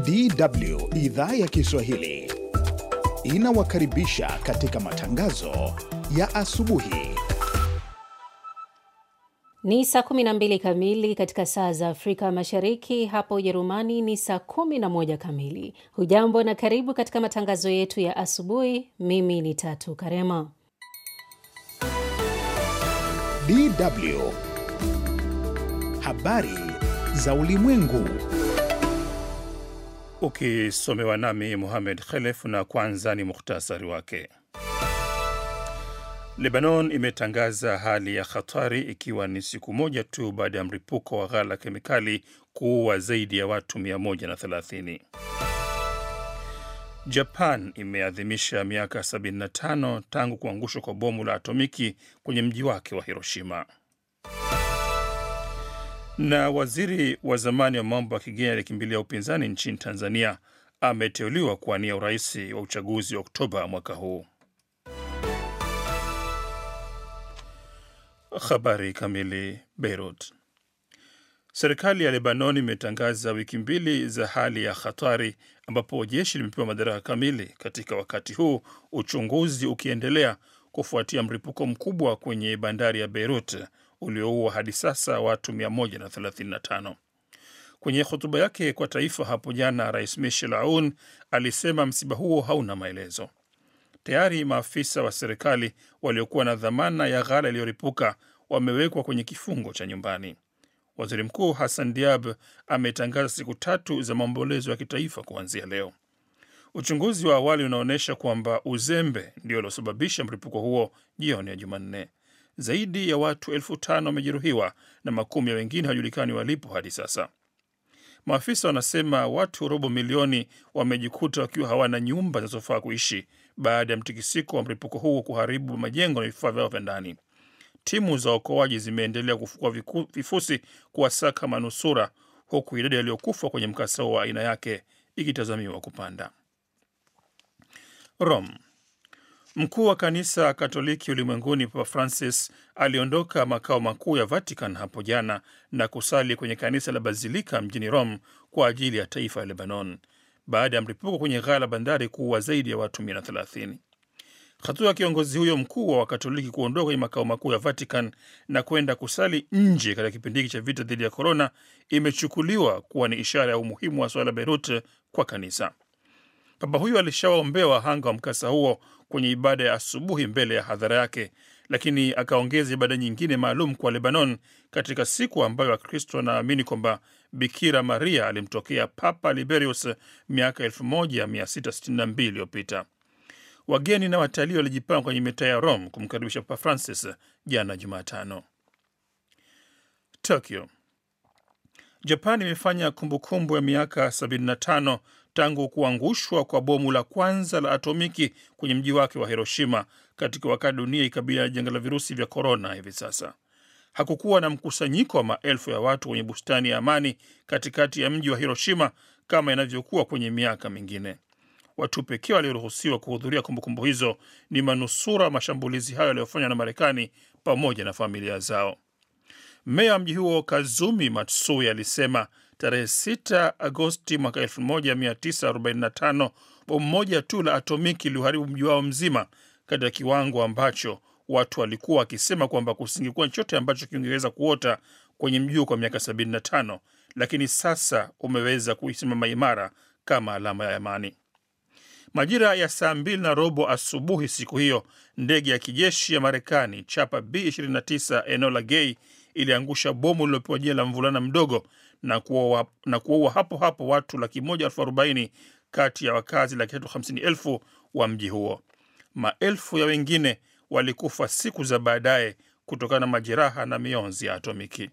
DW idhaa ya Kiswahili inawakaribisha katika matangazo ya asubuhi. Ni saa 12 kamili katika saa za Afrika Mashariki, hapa Ujerumani ni saa 11 kamili. Hujambo na karibu katika matangazo yetu ya asubuhi. Mimi ni Tatu Karema. DW habari za ulimwengu ukisomewa nami Muhamed Khelef, na kwanza ni muhtasari wake. Lebanon imetangaza hali ya hatari ikiwa ni siku moja tu baada ya mlipuko wa ghala kemikali kuua zaidi ya watu 130. Japan imeadhimisha miaka 75 tangu kuangushwa kwa bomu la atomiki kwenye mji wake wa Hiroshima. Na waziri wa zamani wa mambo ya kigeni aliyekimbilia upinzani nchini Tanzania ameteuliwa kuwania urais wa uchaguzi wa Oktoba mwaka huu. Habari kamili. Beirut. Serikali ya Lebanon imetangaza wiki mbili za hali ya hatari ambapo jeshi limepewa madaraka kamili, katika wakati huu uchunguzi ukiendelea kufuatia mlipuko mkubwa kwenye bandari ya Beirut ulioua hadi sasa watu 135. Kwenye hotuba yake kwa taifa hapo jana, Rais Michel Aoun alisema msiba huo hauna maelezo. Tayari maafisa wa serikali waliokuwa na dhamana ya ghala iliyoripuka wamewekwa kwenye kifungo cha nyumbani. Waziri Mkuu Hassan Diab ametangaza siku tatu za maombolezo ya kitaifa kuanzia leo. Uchunguzi wa awali unaonyesha kwamba uzembe ndio uliosababisha mlipuko huo jioni ya Jumanne zaidi ya watu elfu tano wamejeruhiwa na makumi ya wengine hawajulikani walipo hadi sasa. Maafisa wanasema watu robo milioni wamejikuta wakiwa hawana nyumba zinazofaa kuishi baada ya mtikisiko wa mlipuko huu kuharibu majengo na vifaa vyao vya ndani. Timu za okoaji zimeendelea kufukua vifusi kuwasaka manusura, huku idadi yaliyokufa kwenye mkasa wa aina yake ikitazamiwa kupanda. Rome. Mkuu wa kanisa Katoliki ulimwenguni Papa Francis aliondoka makao makuu ya Vatican hapo jana na kusali kwenye kanisa la Basilika mjini Rome kwa ajili ya taifa ya Lebanon baada ya mlipuko kwenye ghala bandari kuua zaidi ya watu 130. Hatua ya kiongozi huyo mkuu wa Wakatoliki kuondoka kwenye makao makuu ya Vatican na kwenda kusali nje katika kipindi hiki cha vita dhidi ya korona imechukuliwa kuwa ni ishara ya umuhimu wa suala la Beirut kwa kanisa papa huyo alishawaombea wahanga wa mkasa huo kwenye ibada ya asubuhi mbele ya hadhara yake, lakini akaongeza ibada nyingine maalum kwa Lebanon katika siku ambayo Wakristo wanaamini kwamba Bikira Maria alimtokea Papa Liberius miaka 1662 iliyopita. Wageni na watalii walijipanga kwenye mitaa ya Rome kumkaribisha Papa Francis jana Jumatano. Tokyo, Japan imefanya kumbukumbu ya miaka 75 tangu kuangushwa kwa bomu la kwanza la atomiki kwenye mji wake wa Hiroshima katika wakati dunia ikabiliana na janga la virusi vya korona. Hivi sasa hakukuwa na mkusanyiko wa maelfu ya watu kwenye bustani ya amani katikati ya mji wa Hiroshima kama inavyokuwa kwenye miaka mingine. Watu pekee walioruhusiwa kuhudhuria kumbukumbu hizo ni manusura mashambulizi hayo yaliyofanywa na Marekani pamoja na familia zao. Meya wa mji huo Kazumi Matsui alisema tarehe 6 Agosti mwaka 1945 bomu moja tu la atomiki liliharibu mji wao mzima katika kiwango ambacho watu walikuwa wakisema kwamba kusingekuwa chochote ambacho kingeweza kuota kwenye mji kwa miaka 75, lakini sasa umeweza kuisimama imara kama alama ya amani. Majira ya saa mbili na robo asubuhi siku hiyo, ndege ya kijeshi ya Marekani chapa B29 eneo la Gei iliangusha bomu lililopewa jina la mvulana mdogo na kuoa hapo hapo watu laki moja elfu arobaini kati ya wakazi laki tatu hamsini elfu wa mji huo. Maelfu ya wengine walikufa siku za baadaye kutokana na majeraha na mionzi ya atomiki.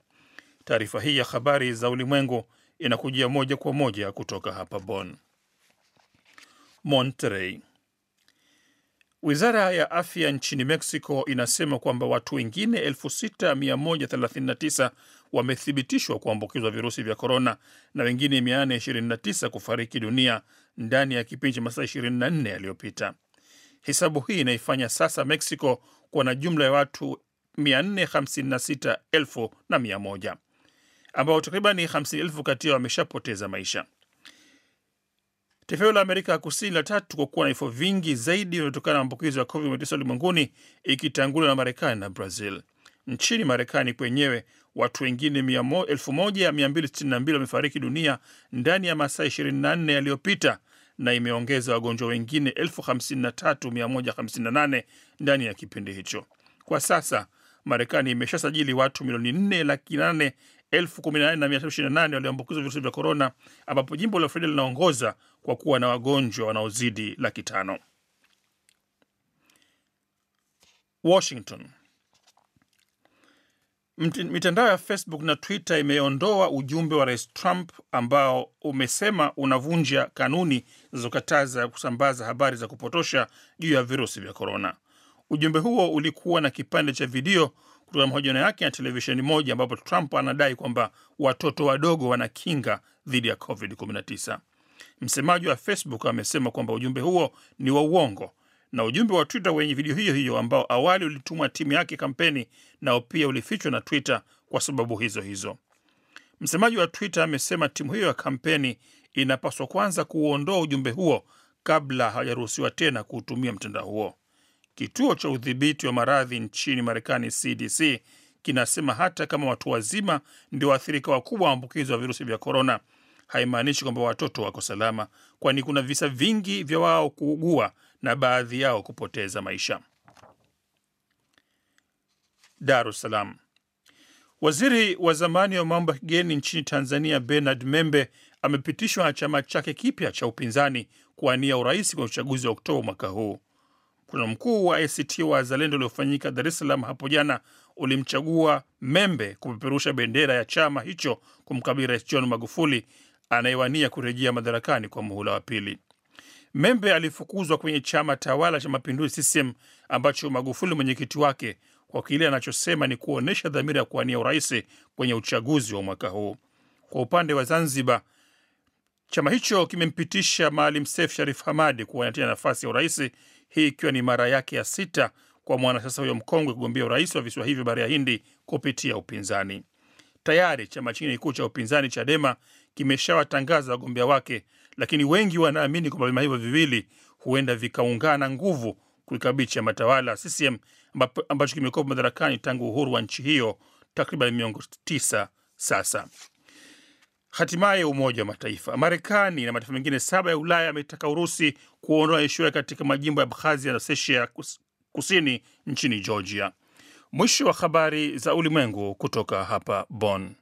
Taarifa hii ya habari za ulimwengu inakujia moja kwa moja kutoka hapa bon Monterey. Wizara ya afya nchini Mexico inasema kwamba watu wengine 6139 wamethibitishwa kuambukizwa virusi vya korona na wengine 829 kufariki dunia ndani ya kipindi cha masaa 24 yaliyopita. Hesabu hii inaifanya sasa Mexico kuwa na jumla ya watu 456,1 ambao takribani 50,000 kati yao wameshapoteza maisha. tefeo la Amerika ya Kusini la tatu kwa kuwa na vifo vingi zaidi vinavyotokana na maambukizo ya COVID-19 ulimwenguni ikitanguliwa na Marekani na Brazil. Nchini Marekani kwenyewe watu wengine 1262 wamefariki dunia ndani ya masaa 24 yaliyopita na imeongeza wagonjwa wengine 53158 ndani ya kipindi hicho. Kwa sasa Marekani imeshasajili watu milioni 4 laki 8 na walioambukizwa virusi vya korona, ambapo jimbo la Florida linaongoza kwa kuwa na wagonjwa wanaozidi laki tano. Washington Mitandao ya Facebook na Twitter imeondoa ujumbe wa Rais Trump ambao umesema unavunja kanuni zilizokataza kusambaza habari za kupotosha juu ya virusi vya korona. Ujumbe huo ulikuwa na kipande cha video kutoka mahojano yake na televisheni moja, ambapo Trump anadai kwamba watoto wadogo wana kinga dhidi ya COVID-19. Msemaji wa Facebook amesema kwamba ujumbe huo ni wa uongo na ujumbe wa Twitter wenye video hiyo hiyo ambao awali ulitumwa timu yake kampeni, nao pia ulifichwa na Twitter kwa sababu hizo hizo. Msemaji wa Twitter amesema timu hiyo ya kampeni inapaswa kwanza kuuondoa ujumbe huo kabla hajaruhusiwa tena kuutumia mtandao huo. Kituo cha udhibiti wa maradhi nchini Marekani, CDC, kinasema hata kama watu wazima ndio waathirika wakubwa wa maambukizi wa virusi vya korona, haimaanishi kwamba watoto wako salama, kwani kuna visa vingi vya wao kuugua na baadhi yao kupoteza maisha. Dar es Salaam. Waziri wa zamani wa mambo ya kigeni nchini Tanzania Bernard Membe amepitishwa na chama chake kipya cha upinzani kuwania urais kwenye uchaguzi wa Oktoba mwaka huu. Mkutano mkuu wa ACT Wazalendo uliofanyika Dar es Salaam hapo jana ulimchagua Membe kupeperusha bendera ya chama hicho kumkabili Rais John Magufuli anayewania kurejea madarakani kwa muhula wa pili. Membe alifukuzwa kwenye chama tawala cha mapinduzi CCM ambacho Magufuli mwenyekiti wake kwa kile anachosema ni kuonyesha dhamira ya kuwania urais kwenye uchaguzi wa mwaka huu. Kwa upande wa Zanzibar, chama hicho kimempitisha Maalim Seif Sharif Hamad kuwania nafasi ya urais, hii ikiwa ni mara yake ya sita kwa mwanasiasa huyo mkongwe kugombea urais wa visiwa hivyo bara ya Hindi kupitia upinzani. Tayari chama chingine kikuu cha upinzani Chadema kimeshawatangaza wagombea wake lakini wengi wanaamini kwamba vyama hivyo viwili huenda vikaungana nguvu kuikabili chama tawala CCM ambacho kimekuwa madarakani tangu uhuru wa nchi hiyo takriban miongo tisa sasa. Hatimaye Umoja wa Mataifa, Marekani na mataifa mengine saba ya Ulaya ametaka Urusi kuondoa ishura katika majimbo ya Abkhazia na Sesia kusini nchini Georgia. Mwisho wa habari za ulimwengu kutoka hapa Bonn.